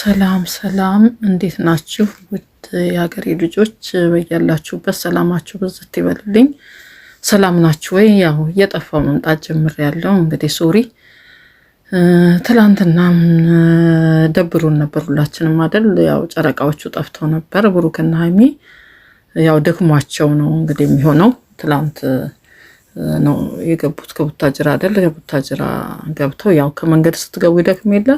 ሰላም ሰላም፣ እንዴት ናችሁ? ውድ የሀገሬ ልጆች በያላችሁበት ሰላማችሁ ብዝት ይበልልኝ። ሰላም ናችሁ ወይ? ያው እየጠፋው መምጣት ጀምር ያለው እንግዲህ ሶሪ። ትላንትና ደብሩን ነበር ሁላችንም ያው ጨረቃዎቹ ጠፍተው ነበር። ብሩክና ሀይሚ ያው ደክሟቸው ነው እንግዲህ የሚሆነው። ትላንት ነው የገቡት ከቡታጅራ አደል? ከቡታጅራ ገብተው ያው ከመንገድ ስትገቡ ይደክም የለ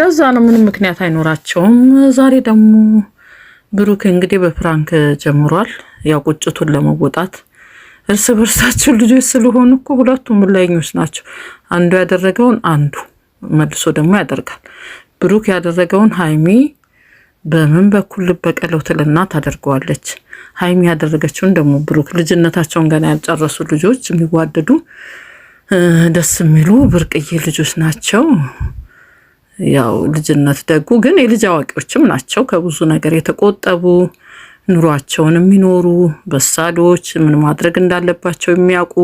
ለዛ ነው ምንም ምክንያት አይኖራቸውም። ዛሬ ደግሞ ብሩክ እንግዲህ በፍራንክ ጀምሯል። ያው ቁጭቱን ለመወጣት እርስ በርሳቸው ልጆች ስለሆኑ እኮ ሁለቱም ላይኞች ናቸው። አንዱ ያደረገውን አንዱ መልሶ ደግሞ ያደርጋል። ብሩክ ያደረገውን ሀይሚ በምን በኩል ልበቀለው ትልና ታደርገዋለች። ሀይሚ ያደረገችውን ደግሞ ብሩክ ልጅነታቸውን ገና ያልጨረሱ ልጆች የሚዋደዱ ደስ የሚሉ ብርቅዬ ልጆች ናቸው። ያው ልጅነት ደጉ ግን የልጅ አዋቂዎችም ናቸው። ከብዙ ነገር የተቆጠቡ ኑሯቸውን የሚኖሩ በሳዶች ምን ማድረግ እንዳለባቸው የሚያውቁ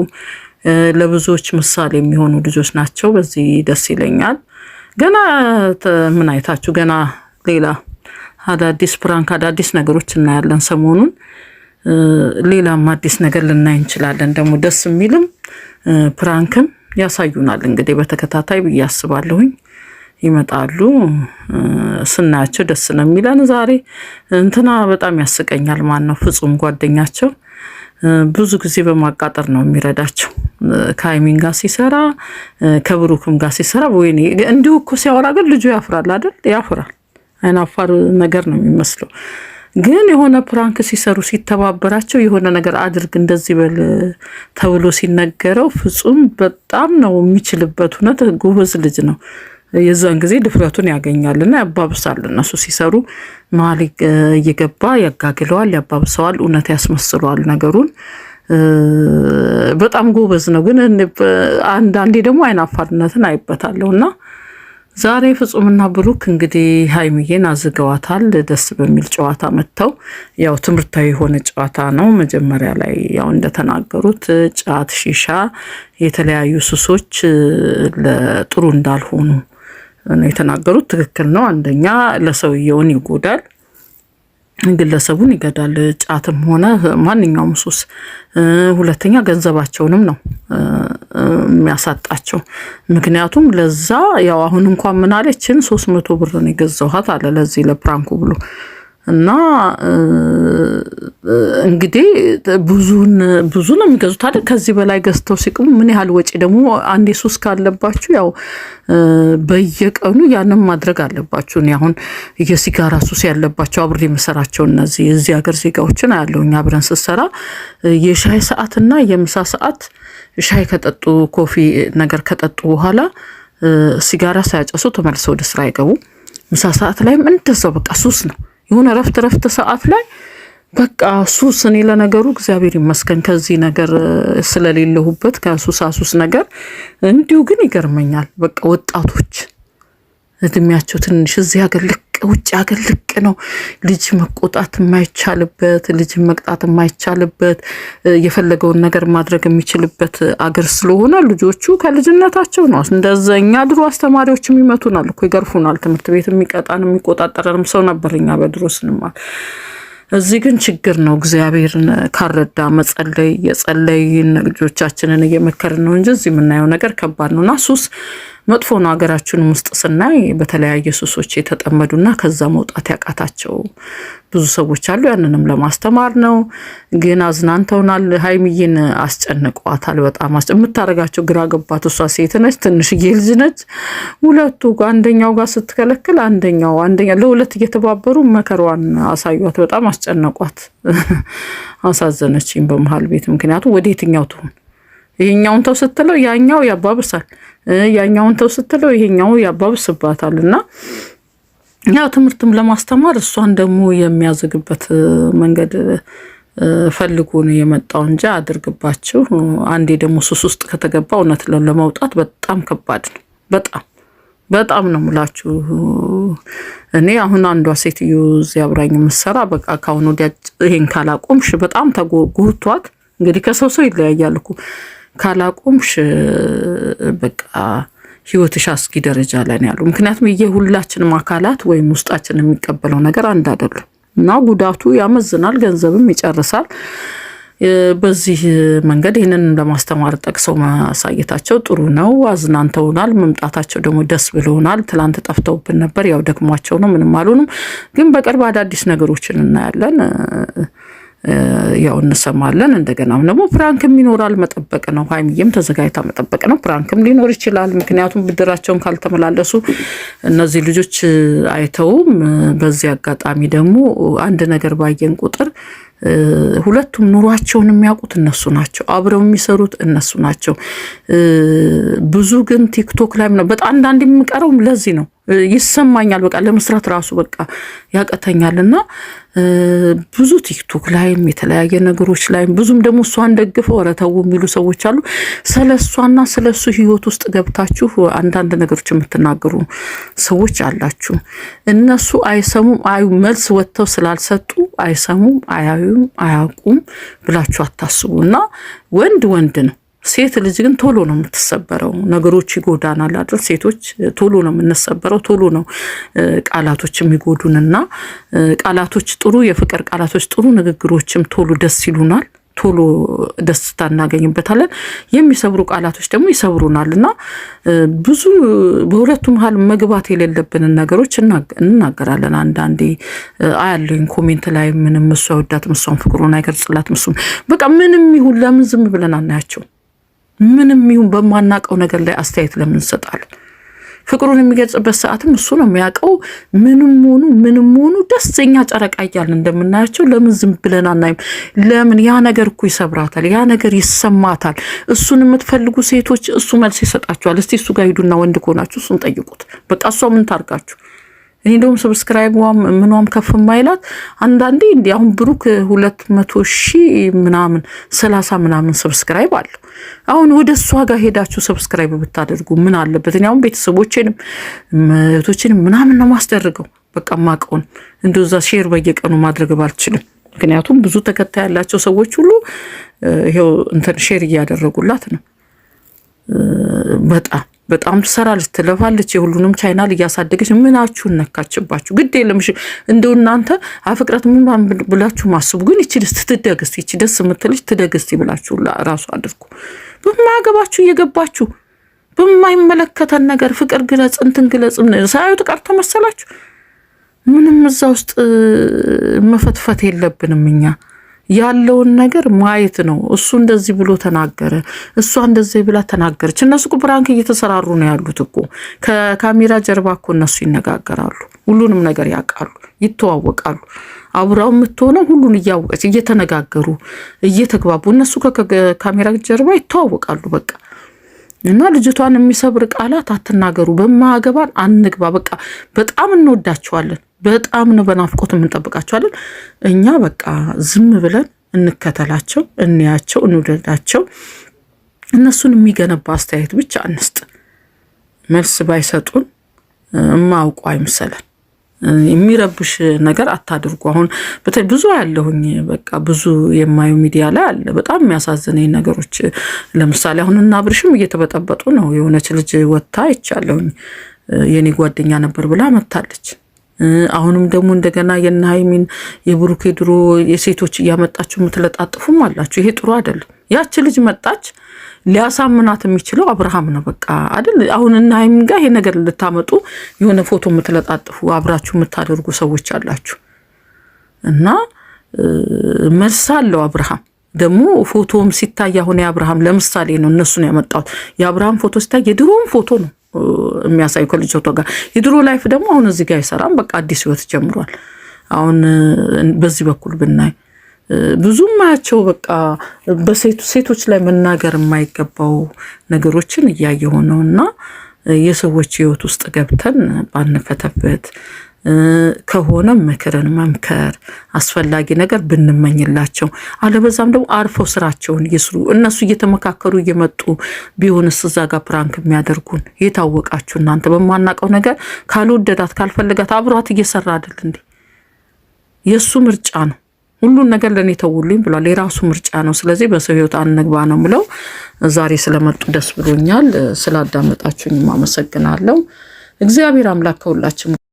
ለብዙዎች ምሳሌ የሚሆኑ ልጆች ናቸው። በዚህ ደስ ይለኛል። ገና ምን አይታችሁ ገና ሌላ አዳዲስ ፕራንክ አዳዲስ ነገሮች እናያለን። ሰሞኑን ሌላም አዲስ ነገር ልናይ እንችላለን። ደግሞ ደስ የሚልም ፕራንክም ያሳዩናል እንግዲህ በተከታታይ ብዬ አስባለሁኝ። ይመጣሉ። ስናያቸው ደስ ነው የሚለን። ዛሬ እንትና በጣም ያስቀኛል። ማን ነው ፍጹም ጓደኛቸው ብዙ ጊዜ በማቃጠር ነው የሚረዳቸው። ከሀይሚን ጋር ሲሰራ ከብሩክም ጋር ሲሰራ ወይኔ እንዲሁ እኮ ሲያወራ ግን ልጁ ያፍራል አይደል? ያፍራል። አይናፋር ነገር ነው የሚመስለው። ግን የሆነ ፕራንክ ሲሰሩ ሲተባበራቸው የሆነ ነገር አድርግ እንደዚህ በል ተብሎ ሲነገረው ፍጹም በጣም ነው የሚችልበት። እውነት ጎበዝ ልጅ ነው። የዛን ጊዜ ድፍረቱን ያገኛልና ያባብሳል። እነሱ ሲሰሩ መሀል እየገባ ያጋግለዋል፣ ያባብሰዋል፣ እውነት ያስመስለዋል ነገሩን። በጣም ጎበዝ ነው። ግን አንዳንዴ ደግሞ አይናፋርነትን አይበታለሁ እና ዛሬ ፍጹምና ብሩክ እንግዲህ ሀይሚዬን አዝገዋታል። ደስ በሚል ጨዋታ መጥተው ያው ትምህርታዊ የሆነ ጨዋታ ነው። መጀመሪያ ላይ ያው እንደተናገሩት ጫት፣ ሺሻ፣ የተለያዩ ሱሶች ለጥሩ እንዳልሆኑ የተናገሩት ትክክል ነው። አንደኛ ለሰውየውን ይጎዳል፣ ግለሰቡን ይገዳል፣ ጫትም ሆነ ማንኛውም ሱስ። ሁለተኛ ገንዘባቸውንም ነው የሚያሳጣቸው። ምክንያቱም ለዛ ያው አሁን እንኳን ምናለችን ሶስት መቶ ብር ነው የገዛኋት አለ ለዚህ ለፕራንኩ ብሎ እና እንግዲህ ብዙን ብዙ ነው የሚገዙት አይደል? ከዚህ በላይ ገዝተው ሲቅሙ ምን ያህል ወጪ ደግሞ አንዴ ሱስ ካለባችሁ ያው በየቀኑ ያንን ማድረግ አለባችሁ። እኔ አሁን የሲጋራ ሱስ ያለባቸው አብሬ የምሰራቸው እነዚህ እዚህ ሀገር ዜጋዎችን አያለሁኝ። አብረን ስሰራ የሻይ እና የምሳ ሰዓት ሻይ ከጠጡ ኮፊ ነገር ከጠጡ በኋላ ሲጋራ ሳያጨሱ ተመልሰው ወደ ስራ አይገቡ። ምሳ ሰዓት ላይም እንደዛው በቃ ሱስ ነው የሆነ ረፍት ረፍት ሰዓት ላይ በቃ ሱስ እኔ ለነገሩ እግዚአብሔር ይመስገን ከዚህ ነገር ስለሌለሁበት ከሱስ አሱስ ነገር እንዲሁ ግን ይገርመኛል። በቃ ወጣቶች እድሜያቸው ትንሽ እዚህ ሀገር ልክ ውጭ ሀገር ልቅ ነው። ልጅ መቆጣት የማይቻልበት ልጅ መቅጣት የማይቻልበት የፈለገውን ነገር ማድረግ የሚችልበት አገር ስለሆነ ልጆቹ ከልጅነታቸው ነው። እንደዘኛ ድሮ አስተማሪዎች የሚመቱናል እኮ ይገርፉናል። ትምህርት ቤት የሚቀጣን የሚቆጣጠረንም ሰው ነበር እኛ በድሮ ስንማር። እዚህ ግን ችግር ነው። እግዚአብሔርን ካረዳ መጸለይ የጸለይን ልጆቻችንን እየመከርን ነው እንጂ እዚህ የምናየው ነገር ከባድ ነው እና ሱስ መጥፎ ነው። ሀገራችንም ውስጥ ስናይ በተለያየ ሱሶች የተጠመዱና ከዛ መውጣት ያቃታቸው ብዙ ሰዎች አሉ። ያንንም ለማስተማር ነው። ግን አዝናንተውናል። ሀይሚዬን አስጨንቀዋታል። በጣም የምታደርጋቸው ግራ ገባት። እሷ ሴት ነች፣ ትንሽዬ ልጅ ነች። ሁለቱ አንደኛው ጋር ስትከለክል አንደኛው አንደኛ ለሁለት እየተባበሩ መከሯን አሳዩት። በጣም አስጨነቋት። አሳዘነችኝ በመሀል ቤት ምክንያቱም ወደ የትኛው ትሁን ይሄኛውን ተው ስትለው ያኛው ያባብሳል፣ ያኛውን ተው ስትለው ይሄኛው ያባብስባታል። እና ያው ትምህርትም ለማስተማር እሷን ደግሞ የሚያዝግበት መንገድ ፈልጎ ነው የመጣው እንጂ አድርግባችሁ። አንዴ ደግሞ ሱስ ውስጥ ከተገባ እውነት ለመውጣት በጣም ከባድ ነው። በጣም በጣም ነው የምላችሁ። እኔ አሁን አንዷ ሴትዮ እዚህ አብራኝ የምትሰራ በቃ ከአሁን ወዲያ ይሄን ካላቆምሽ በጣም ተጎጉቷት። እንግዲህ ከሰው ሰው ይለያያል እኮ ካላቆምሽ በቃ ህይወትሽ አስጊ ደረጃ ላይ ነው ያሉ። ምክንያቱም የሁላችንም አካላት ወይም ውስጣችን የሚቀበለው ነገር አንድ አይደለም እና ጉዳቱ ያመዝናል፣ ገንዘብም ይጨርሳል። በዚህ መንገድ ይህንን ለማስተማር ጠቅሰው ማሳየታቸው ጥሩ ነው። አዝናንተውናል። መምጣታቸው ደግሞ ደስ ብሎናል። ትላንት ጠፍተውብን ነበር። ያው ደግሟቸው ነው፣ ምንም አሉንም። ግን በቅርብ አዳዲስ ነገሮችን እናያለን። ያው እንሰማለን። እንደገናም ደግሞ ፕራንክም ይኖራል፣ መጠበቅ ነው። ሀይሚዬም ተዘጋጅታ መጠበቅ ነው። ፕራንክም ሊኖር ይችላል። ምክንያቱም ብድራቸውን ካልተመላለሱ እነዚህ ልጆች አይተውም። በዚህ አጋጣሚ ደግሞ አንድ ነገር ባየን ቁጥር ሁለቱም ኑሯቸውን የሚያውቁት እነሱ ናቸው። አብረው የሚሰሩት እነሱ ናቸው። ብዙ ግን ቲክቶክ ላይ በጣም አንዳንድ የሚቀረውም ለዚህ ነው ይሰማኛል በቃ ለመስራት ራሱ በቃ ያቀተኛል። እና ብዙ ቲክቶክ ላይም የተለያየ ነገሮች ላይም ብዙም ደግሞ እሷን ደግፈው ወረተው የሚሉ ሰዎች አሉ። ስለ እሷና ስለ እሱ ህይወት ውስጥ ገብታችሁ አንዳንድ ነገሮች የምትናገሩ ሰዎች አላችሁ። እነሱ አይሰሙም አዩ መልስ ወጥተው ስላልሰጡ አይሰሙም አያዩም አያውቁም ብላችሁ አታስቡ። እና ወንድ ወንድ ነው ሴት ልጅ ግን ቶሎ ነው የምትሰበረው። ነገሮች ይጎዳናል አይደል? ሴቶች ቶሎ ነው የምንሰበረው፣ ቶሎ ነው ቃላቶች የሚጎዱን እና ቃላቶች ጥሩ የፍቅር ቃላቶች፣ ጥሩ ንግግሮችም ቶሎ ደስ ይሉናል፣ ቶሎ ደስታ እናገኝበታለን። የሚሰብሩ ቃላቶች ደግሞ ይሰብሩናል እና ብዙ በሁለቱ መሀል መግባት የሌለብንን ነገሮች እንናገራለን። አንዳንዴ አያለኝ ኮሜንት ላይ ምንም እሱ ወዳት ምሷን ፍቅሩን አይገልጽላት ምሱም በቃ ምንም ይሁን ለምን ዝም ብለን አናያቸው ምንም ይሁን በማናቀው ነገር ላይ አስተያየት ለምን እንሰጣለን? ፍቅሩን የሚገልጽበት ሰዓትም እሱ ነው የሚያውቀው። ምንም ሆኑ ምንም ሆኑ ደስተኛ ጨረቃ እያልን እንደምናያቸው ለምን ዝም ብለን አናይም? ለምን ያ ነገር እኮ ይሰብራታል፣ ያ ነገር ይሰማታል። እሱን የምትፈልጉ ሴቶች እሱ መልስ ይሰጣችኋል። እስቲ እሱ ጋር ሂዱና ወንድ ከሆናችሁ እሱን ጠይቁት። በቃ እሷ ምን ታርጋችሁ እኔ እንደውም ሰብስክራይቧም ምኗም ከፍ ማይላት አንዳንዴ እንዲ አሁን ብሩክ ሁለት መቶ ሺህ ምናምን ሰላሳ ምናምን ሰብስክራይብ አለው። አሁን ወደ እሷ ጋር ሄዳችሁ ሰብስክራይብ ብታደርጉ ምን አለበት? እኔ አሁን ቤተሰቦቼንም እህቶቼንም ምናምን ነው ማስደርገው። በቃ ማቀውን እንደዛ ሼር በየቀኑ ማድረግ ባልችልም ምክንያቱም ብዙ ተከታይ ያላቸው ሰዎች ሁሉ ይኸው እንትን ሼር እያደረጉላት ነው በጣም በጣም ትሰራለች፣ ትለፋለች። የሁሉንም ቻይናል እያሳደገች ምናችሁን ነካችባችሁ? ግድ የለምሽ እንደው እናንተ አፍቅረት ምን ብላችሁ ማስቡ። ግን ደስ ትደግስቲ ይች ደስ የምትልች ትደግስቲ ብላችሁ ራሱ አድርጉ። በማያገባችሁ እየገባችሁ በማይመለከተን ነገር ፍቅር ግለጽ እንትን ግለጽ ሳያዩት ቀርቶ መሰላችሁ። ምንም እዛ ውስጥ መፈትፈት የለብንም እኛ ያለውን ነገር ማየት ነው። እሱ እንደዚህ ብሎ ተናገረ፣ እሷ እንደዚህ ብላ ተናገረች። እነሱ እኮ ብራንክ እየተሰራሩ ነው ያሉት እኮ ከካሜራ ጀርባ እኮ እነሱ ይነጋገራሉ። ሁሉንም ነገር ያውቃሉ፣ ይተዋወቃሉ። አብራው የምትሆነው ሁሉን እያወቀች እየተነጋገሩ እየተግባቡ እነሱ ከካሜራ ጀርባ ይተዋወቃሉ በቃ እና ልጅቷን የሚሰብር ቃላት አትናገሩ፣ በማገባን አንግባ። በቃ በጣም እንወዳቸዋለን፣ በጣም ነው በናፍቆት የምንጠብቃቸዋለን። እኛ በቃ ዝም ብለን እንከተላቸው፣ እንያቸው፣ እንውደዳቸው። እነሱን የሚገነባ አስተያየት ብቻ አንስጥ። መልስ ባይሰጡን እማውቁ አይምሰለን። የሚረብሽ ነገር አታድርጉ። አሁን በተለይ ብዙ ያለሁኝ በቃ ብዙ የማዩ ሚዲያ ላይ አለ። በጣም የሚያሳዝነኝ ነገሮች ለምሳሌ አሁን እና አብርሽም እየተበጠበጡ ነው። የሆነች ልጅ ወጥታ ይቻለሁኝ የኔ ጓደኛ ነበር ብላ መታለች። አሁንም ደግሞ እንደገና የነ ሀይሚን የብሩኬ ድሮ የሴቶች እያመጣችሁ የምትለጣጥፉም አላችሁ። ይሄ ጥሩ አይደለም። ያች ልጅ መጣች። ሊያሳምናት የሚችለው አብርሃም ነው። በቃ አይደል? አሁን እና ሀይሚ ጋር ይሄ ነገር ልታመጡ የሆነ ፎቶ የምትለጣጥፉ አብራችሁ የምታደርጉ ሰዎች አላችሁ እና መልስ አለው አብርሃም ደግሞ ፎቶም ሲታይ አሁን የአብርሃም ለምሳሌ ነው እነሱ ነው ያመጣሁት። የአብርሃም ፎቶ ሲታይ የድሮም ፎቶ ነው የሚያሳዩ ከልጅቷ ጋር የድሮ ላይፍ ደግሞ አሁን እዚህ ጋር አይሰራም። በቃ አዲስ ህይወት ጀምሯል። አሁን በዚህ በኩል ብናይ ብዙም ማያቸው በቃ በሴቶች ላይ መናገር የማይገባው ነገሮችን እያየሁ ነው እና የሰዎች ህይወት ውስጥ ገብተን ባንፈተበት ከሆነ ምክርን መምከር አስፈላጊ ነገር ብንመኝላቸው፣ አለበዛም ደግሞ አርፈው ስራቸውን ይስሩ። እነሱ እየተመካከሩ እየመጡ ቢሆንስ እዛ ጋር ፕራንክ የሚያደርጉን የታወቃችሁ እናንተ በማናቀው ነገር ካልወደዳት ካልፈለጋት አብሯት እየሰራ አይደል እንዴ? የእሱ ምርጫ ነው። ሁሉን ነገር ለእኔ ተውሉኝ ብሏል። የራሱ ምርጫ ነው። ስለዚህ በሰው ህይወት አንግባ ነው ምለው። ዛሬ ስለመጡ ደስ ብሎኛል። ስላዳመጣችሁኝም አመሰግናለሁ። እግዚአብሔር አምላክ ከሁላችን